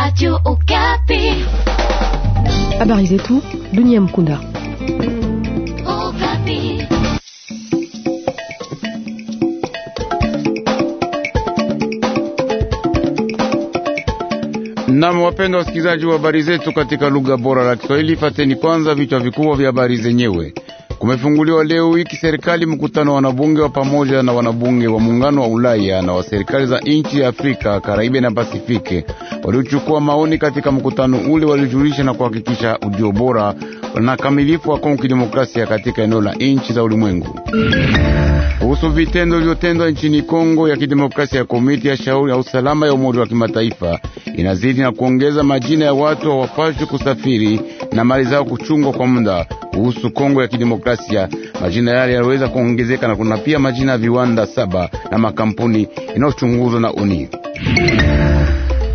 Radio Okapi. Habari zetu dunia mkunda. Okapi. Nam, wapenda wasikilizaji wa habari zetu katika lugha bora la Kiswahili, fateni kwanza vichwa vikubwa vya habari zenyewe kumefunguliwa leo wiki serikali mkutano wa wanabunge wa pamoja na wanabunge wa muungano wa Ulaya na wa serikali za nchi ya Afrika, Karaibe na Pasifiki. Waliochukua maoni katika mkutano ule walijulisha na kuhakikisha ujio bora na kamilifu wa Kongo Kidemokrasia katika eneo la nchi za ulimwengu. Kuhusu vitendo vilivyotendwa nchini Kongo ya Kidemokrasia, ya komiti ya shauri ya usalama ya Umoja wa Kimataifa inazidi na kuongeza majina ya watu hawapashwi kusafiri na mali zao kuchungwa kwa muda. Kuhusu Kongo ya Kidemokrasia, majina yale yanaweza kuongezeka na kuna pia majina ya viwanda saba na makampuni inayochunguzwa na uni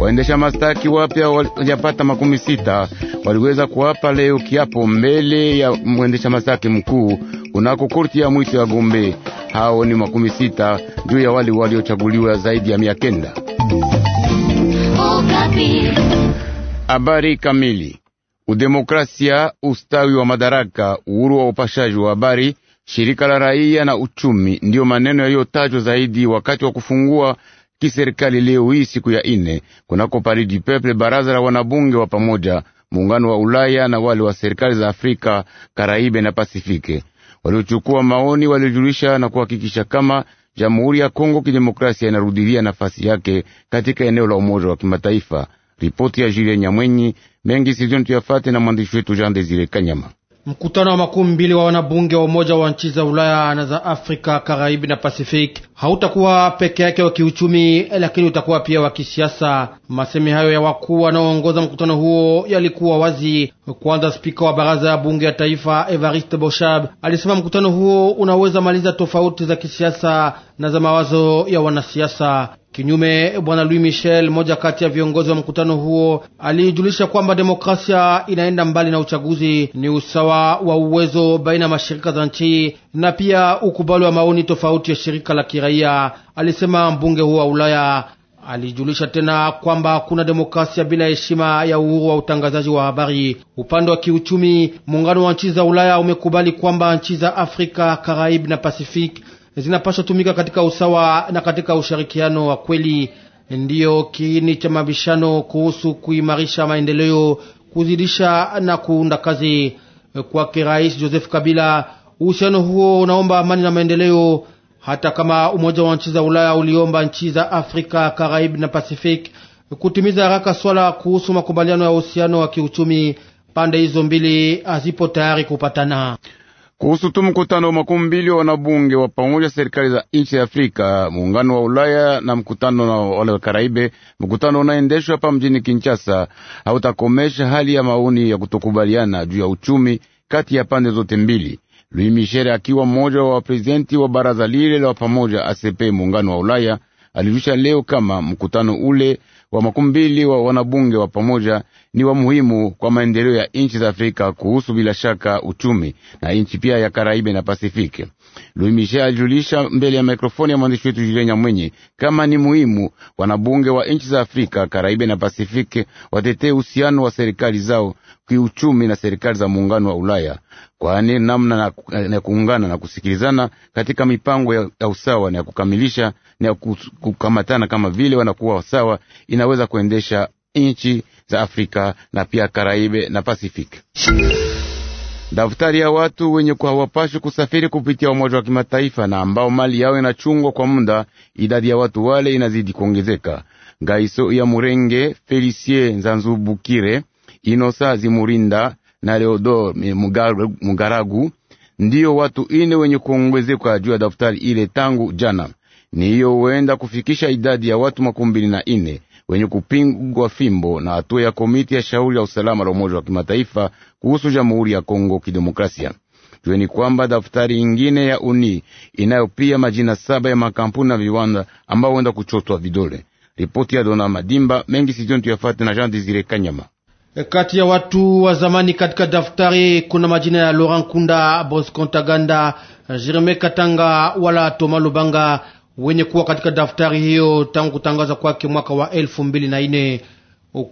Waendesha mastaki wapya wajapata makumi sita waliweza kuapa leo kiapo mbele ya mwendesha mastaki mkuu kunako korti ya mwiti ya Gombe. Hao ni makumi sita juu ya wale waliochaguliwa zaidi ya mia kenda. Habari kamili udemokrasia, ustawi wa madaraka, uhuru wa upashaji wa habari, shirika la raia na uchumi, ndiyo maneno yaliyotajwa zaidi wakati wa kufungua kiserikali leo hii siku ya ine kunako Paris du Peuple, baraza la wanabunge wa pamoja muungano wa Ulaya na wale wa serikali za Afrika, Karaibe na Pasifike waliochukua maoni waliojulisha na kuhakikisha kama Jamhuri ya Kongo Kidemokrasia inarudilia nafasi yake katika eneo la umoja wa kimataifa. Ripoti ya Julien Nyamwenyi mengi sizioni tuyafate na mwandishi wetu Jean Desire Kanyama. Mkutano wa makumi mbili wa wanabunge wa Umoja wa nchi za Ulaya na za Afrika, Karaibi na Pacific hautakuwa peke yake wa kiuchumi, lakini utakuwa pia wa kisiasa. Masemi hayo ya wakuu wanaoongoza mkutano huo yalikuwa wazi. Kwanza, spika wa baraza ya bunge ya taifa Evariste Boshab alisema mkutano huo unaweza maliza tofauti za kisiasa na za mawazo ya wanasiasa. Kinyume, bwana Louis Michel, mmoja kati ya viongozi wa mkutano huo, alijulisha kwamba demokrasia inaenda mbali na uchaguzi, ni usawa wa uwezo baina ya mashirika za nchi na pia ukubali wa maoni tofauti ya shirika la kiraia, alisema mbunge huo wa Ulaya. Alijulisha tena kwamba kuna demokrasia bila heshima ya uhuru wa utangazaji wa habari. Upande wa kiuchumi, muungano wa nchi za Ulaya umekubali kwamba nchi za Afrika, Karaib na Pasifiki zinapaswa tumika katika usawa na katika ushirikiano wa kweli. Ndiyo kiini cha mabishano kuhusu kuimarisha maendeleo, kuzidisha na kuunda kazi. Kwake Rais Joseph Kabila, uhusiano huo unaomba amani na maendeleo, hata kama Umoja wa Nchi za Ulaya uliomba nchi za Afrika, karaibi na Pacific kutimiza haraka swala kuhusu makubaliano ya uhusiano wa kiuchumi, pande hizo mbili hazipo tayari kupatana kuhusu tu mkutano wa makumi mbili wa wanabunge wa pamoja serikali za nchi ya Afrika, muungano wa Ulaya na mkutano na wale wa Karaibe. Mkutano unaendeshwa hapa mjini Kinshasa hautakomesha hali ya maoni ya kutokubaliana juu ya uchumi kati ya pande zote mbili. Louis Michel akiwa mmoja wa waprezidenti wa baraza lile la pamoja ACP, muungano wa Ulaya, alijulisha leo kama mkutano ule wa makumi mbili wa wanabunge wa pamoja ni wa muhimu kwa maendeleo ya nchi za Afrika kuhusu bila shaka uchumi na nchi pia ya Karaibe na Pasifiki. Louis Michel alijulisha mbele ya mikrofoni ya mwandishi wetu Julien Nyamwenyi kama ni muhimu wanabunge wa nchi za Afrika, Karaibe na Pasifiki watetee uhusiano wa serikali zao kiuchumi na serikali za muungano wa Ulaya, kwani namna ya kuungana na kusikilizana katika mipango ya usawa na ya kukamilisha na ya kukamatana kama vile wanakuwa sawa ina inaweza kuendesha nchi za Afrika na pia Karaibe na Pacific. Daftari ya watu wenye kuhawapashwa kusafiri kupitia Umoja wa Kimataifa na ambao mali yao inachungwa kwa muda, idadi ya watu wale inazidi kuongezeka. Gaiso ya Murenge, Felicie Nzanzubukire, Inosa Zimurinda na Leodor Mugaragu ndiyo watu ine wenye kuongezeka juu ya daftari ile tangu jana. Ni hiyo huenda kufikisha idadi ya watu makumi mbili na ine wenye kupigwa fimbo na hatua ya komiti ya shauri ya usalama la Umoja wa Kimataifa kuhusu Jamhuri ya Kongo Kidemokrasia. Jueni kwamba daftari ingine ya uni inayo pia majina saba ya makampuni na viwanda ambao huenda kuchotwa vidole. Ripoti ya Dona Madimba mengi sijoni tuyafate na Jean Desire Kanyama. Kati ya watu wa zamani katika daftari kuna majina ya Laurent Kunda, Bosco Ntaganda, Jereme Katanga wala Toma Lubanga wenye kuwa katika daftari hiyo tangu kutangaza kwake mwaka wa elfu mbili na nne.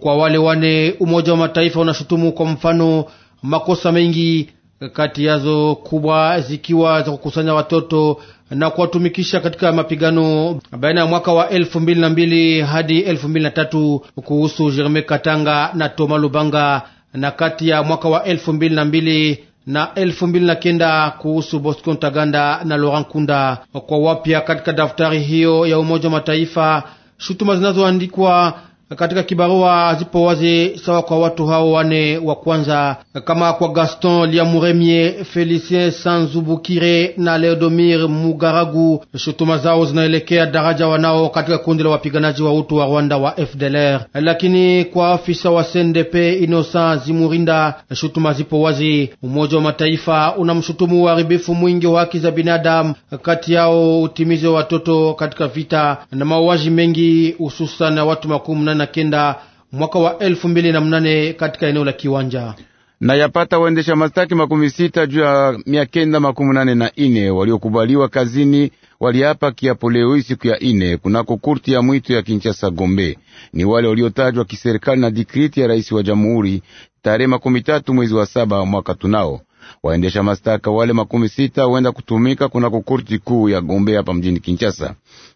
Kwa wale wane, Umoja wa Mataifa unashutumu kwa mfano makosa mengi, kati yazo kubwa zikiwa za kukusanya watoto na kuwatumikisha katika mapigano baina ya mwaka wa elfu mbili na mbili hadi elfu mbili na tatu kuhusu Jerme Katanga na Toma Lubanga, na kati ya mwaka wa elfu mbili na mbili na kenda kuhusu Bosco Ntaganda na Laurent Kunda kwa wapya katika daftari hiyo ya Umoja wa Mataifa shutuma zinazoandikwa katika kibarua zipo wazi sawa kwa watu hao wane wa kwanza, kama kwa Gaston Liamuremie, Felicien Sanzubukire na Leodomir Mugaragu. Shutuma zao zinaelekea daraja wanao katika kundi la wapiganaji wa utu wa Rwanda wa FDLR, lakini kwa afisa wa CNDP Innocent Zimurinda shutuma zipo wazi. Umoja wa Mataifa unamshutumu uharibifu mwingi wa haki za binadamu, kati yao utimizi wa watoto katika vita na mauaji mengi, hususan watu makumi kenda mwaka wa elfu mbili na mnane katika eneo la Kiwanja na yapata waendesha mastaki makumi sita juu ya mia kenda makumi nane na ine waliokubaliwa kazini waliapa kiapo leo hii siku ya ine kunako kurti ya mwito ya Kinshasa Gombe. Ni wale waliotajwa kiserikali na dikriti ya rais wa jamhuri tarehe makumi tatu mwezi wa saba mwaka tunao. Waendesha mastaka wale makumi sita huenda kutumika kunako kurti kuu ya Gombe hapa mjini Kinshasa.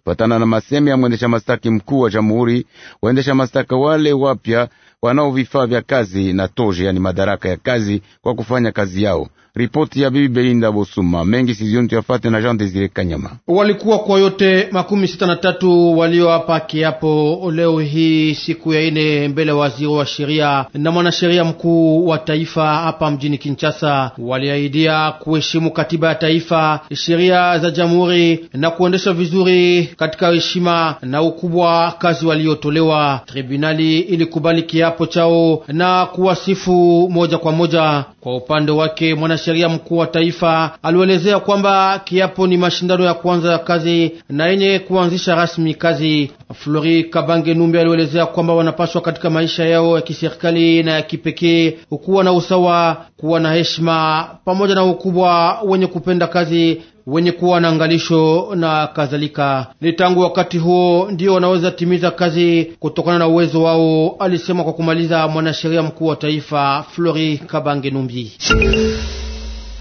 Kufatana na masemi ya mwendesha mashtaki mkuu wa jamhuri, waendesha mashtaka wale wapya wanao vifaa vya kazi na toje, yani madaraka ya kazi kwa kufanya kazi yao. Ripoti ya Bibi Belinda Bosuma mengi siziontu yafate na Jean Desire Kanyama. Walikuwa kwa yote makumi sita na tatu walioapa kiapo leo hii siku ya ine mbele waziri wa sheria na mwanasheria mkuu wa taifa hapa mjini Kinshasa. Waliahidia kuheshimu katiba ya taifa, sheria za jamhuri na kuendesha vizuri katika heshima na ukubwa kazi waliotolewa. Tribunali ilikubali kiapo kiapo chao na kuwasifu moja kwa moja. Kwa upande wake, mwanasheria mkuu wa taifa alielezea kwamba kiapo ni mashindano ya kwanza ya kazi na yenye kuanzisha rasmi kazi. Flori Kabange Numbi alielezea kwamba wanapaswa katika maisha yao ya kiserikali na ya kipekee kuwa na usawa, kuwa na heshima pamoja na ukubwa, wenye kupenda kazi wenye kuwa na angalisho na kadhalika. Ni tangu wakati huo ndio wanaweza timiza kazi kutokana na uwezo wao, alisema kwa kumaliza mwanasheria mkuu wa taifa Flori Kabange Numbi.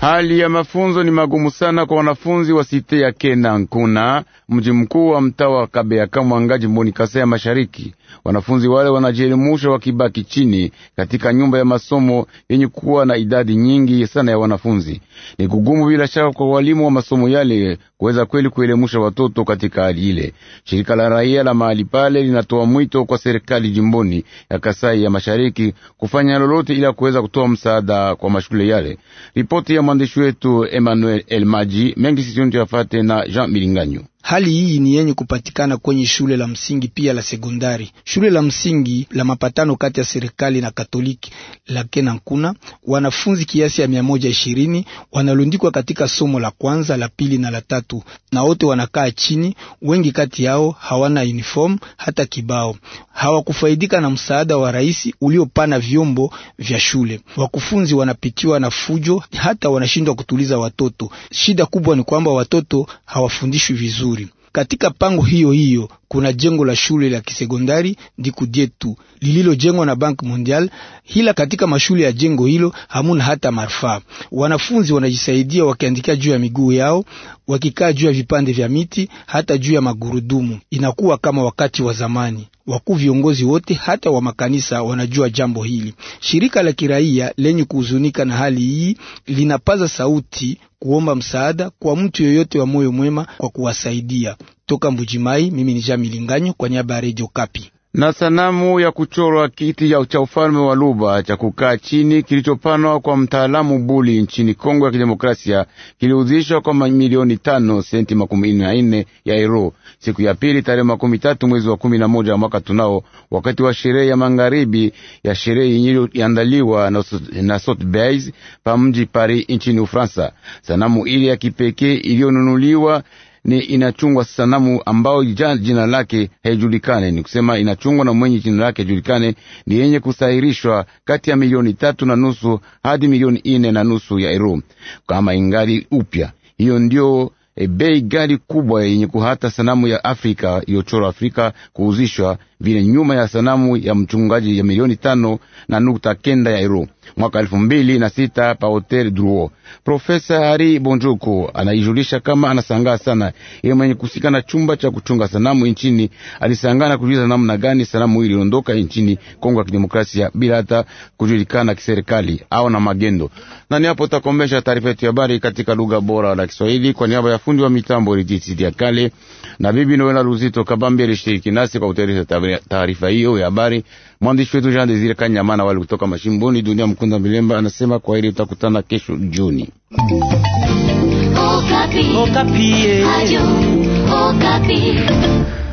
Hali ya mafunzo ni magumu sana kwa wanafunzi wa site ya Kena Nkuna, mji mkuu wa mtaa wa Kabeya Kamwanga, jimboni Kasai ya Mashariki. Wanafunzi wale wanajielimusha wakibaki chini katika nyumba ya masomo yenye kuwa na idadi nyingi sana ya wanafunzi. Ni kugumu bila shaka kwa walimu wa masomo yale kuweza kweli kuelimusha watoto katika hali ile. Shirika la raia la mahali pale linatoa mwito kwa serikali jimboni ya Kasai ya Mashariki kufanya lolote ila kuweza kutoa msaada kwa mashule yale. Ripoti ya mwandishi wetu Emmanuel Elmaji mengi sisi tuyafate na Jean Milinganyo. Hali hii ni yenye kupatikana kwenye shule la msingi pia la sekondari. Shule la msingi la mapatano kati ya serikali na Katoliki la Kenankuna, wanafunzi kiasi ya mia moja ishirini wanalundikwa katika somo la kwanza, la pili na la tatu, na wote wanakaa chini. Wengi kati yao hawana uniform hata kibao. Hawakufaidika na msaada wa rais uliopana vyombo vya shule. Wakufunzi wanapitiwa na fujo, hata wanashindwa kutuliza watoto. Shida kubwa ni kwamba watoto hawafundishwi vizuri. Katika pango hiyo hiyo kuna jengo la shule la kisekondari Ndikudyetu lililojengwa na Bank Mondial, hila katika mashule ya jengo hilo hamuna hata marfaa. Wanafunzi wanajisaidia wakiandikia juu ya miguu yao, wakikaa juu ya vipande vya miti, hata juu ya magurudumu. Inakuwa kama wakati wa zamani. Wakuu viongozi wote hata wa makanisa wanajua jambo hili. Shirika la kiraia lenye kuhuzunika na hali hii linapaza sauti kuomba msaada kwa mtu yoyote wa moyo mwema kwa kuwasaidia. Toka Mbujimai, mimi ni Jamilinganyo kwa niaba ya Radio Kapi na sanamu ya kuchorwa kiti cha ufalme wa Luba cha kukaa chini kilichopanwa kwa mtaalamu Buli nchini Kongo ya Kidemokrasia kiliuzishwa kwa milioni tano senti makumi na nne ya euro siku ya pili tarehe makumi tatu mwezi wa kumi na moja mwaka tunao, wakati wa sherehe ya magharibi ya sherehe iliyoandaliwa na, na Sotheby's pa mji Paris nchini Ufaransa. Sanamu ile ya kipekee iliyonunuliwa ni inachungwa sanamu ambao jina lake haijulikane, ni kusema inachungwa na mwenye jina lake haijulikane, ni yenye kusahirishwa kati ya milioni tatu na nusu hadi milioni ine na nusu ya euro, kama ingali upya. Hiyo ndio e, bei gali kubwa yenye kuhata sanamu ya Afrika iliyochorwa Afrika kuuzishwa vile nyuma ya sanamu ya mchungaji ya milioni tano na nukta kenda ya euro mwaka elfu mbili na sita pa hotel Druo. Profesa Hari Bonjoko anaijulisha kama anasangaa sana yeye mwenye kusika na chumba cha kuchunga sanamu nchini, alisangaa na kujuliza namna gani sanamu hii iliondoka nchini Kongo ya Kidemokrasia bila hata kujulikana kiserikali au na magendo. Na ni hapo takomesha taarifa yetu ya habari katika lugha bora la Kiswahili kwa niaba ya fundi wa mitambo Rijiti kale na bibi Noela Luzito Kabambi alishiriki nasi kwa kutayarisha taarifa hiyo ya habari. Mwandishi wetu Jean Desire Kanyamana wale kutoka Mashimboni. Dunia Mkunda Milemba anasema kwa hili utakutana kesho Juni. Okapi. Okapi. Eh.